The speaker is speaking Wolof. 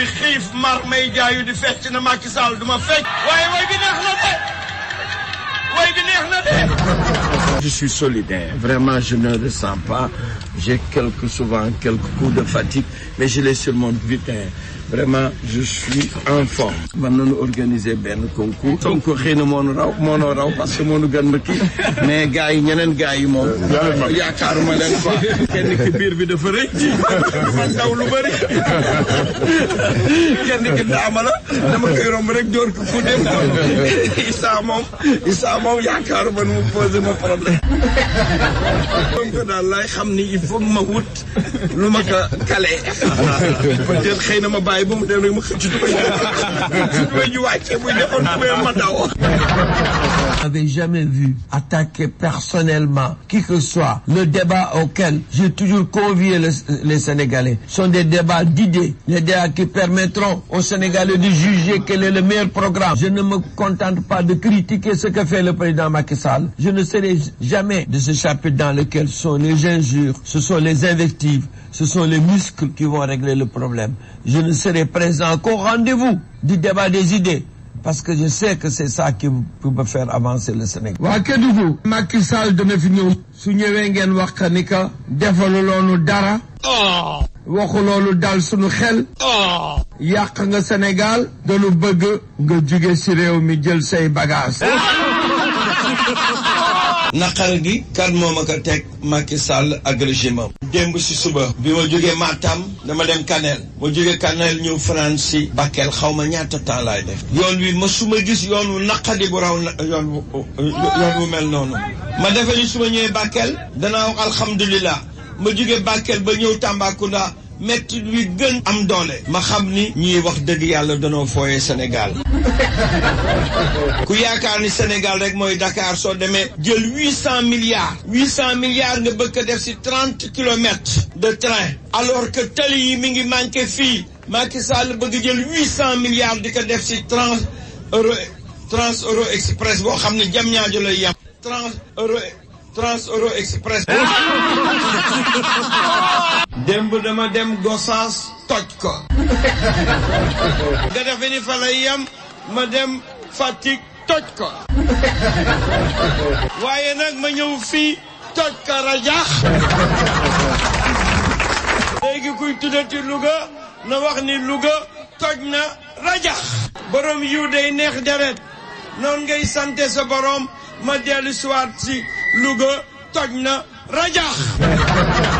bi xiif mar may jaayu di fecc na Macky Sall du ma fecc waaye way bi neex na de je suis solidaire. Vraiment, je ne ressens pas. J'ai quelques, souvent quelques coups de fatigue, mais je les surmonte vite. Hein. Vraiment, je suis en forme. mën nañu organiser benn concours. concours xëy na moo nu raw moo nu raw parce que moo nu gën ma kii mais gars yi ñeneen gars yi moom. yaakaaruma leen quoi. kenn ki biir bi dafa rëy. dafa ndaw lu bëri. kenn ki daama la. dama koy romb rek door ko fu dem. Issa moom Issa moom yaakaaruma nu mu posé ma problème. donc lu ma ko xëy na ma ba mu dem rek ma xëcc tubéy tubéy ñu wàccee muy defoon n'avais jamais vu attaquer personnellement qui que soit. Le débat auquel j'ai toujours convié le, Sénégalais sont des débats d'idées, des débats qui permettront aux Sénégalais de juger quel est le meilleur programme. Je ne me contente pas de critiquer ce que fait le président Macky Sall. Je ne serai jamais de ce chapitre dans lequel ce sont les injures, ce sont les invectives, ce sont les muscles qui vont régler le problème. Je ne serai présent qu'au rendez-vous du débat des idées parce que je sais que c'est ça qui peut me faire avancer le Sénégal. waa Kédougou. Macky Sall dana fi ñëw. su ñëwee ngeen wax que ni que. defalu loonu dara. waxu loolu dal sunu xel. yàq nga Sénégal. dañu bëgg nga jóge ci réew mi jël say bagages. naqar gi kan moo ma ko teg Macky Sall ak régime am démb si suba bi ma jógee Matam dama dem Kanel ma jógee Kanel ñëw France si Bakel xaw ma ñaata temps def yoon wi ma su ma gis yoon wu naqadi bu raw yoon wu yoon wu mel noonu ma defe ni su ma ñëwee Bakel danaa wax ma jógee Bakel ba ñëw Tambacounda métti bi gën am doole ma xam ni ñuy wax dëgg yàlla danoo fooyee Sénégal ku yaakaar ni Sénégal rek mooy Dakar soo demee jël huit cent milliards huit cent milliards nga bëgg a def si trente kilomètres de train alors que tali yi mi ngi manqué fii Macky Sall bëgg jël huit cent milliards di ko def si trans euro trans euro express boo xam ne jam ñaajo lay yam trans Trans Euro Express. démb dama dem Gossas toj ko. nga defe ni fa lay yem ma dem Fatick toj ko. waaye nag ma ñëw fi toj ko rajax. léegi kuy tuddati Louga na wax ni Louga toj na rajax. borom yiw day neex deret noonu ngay sante sa borom ma dellu siwaat si. Louga toj na rajax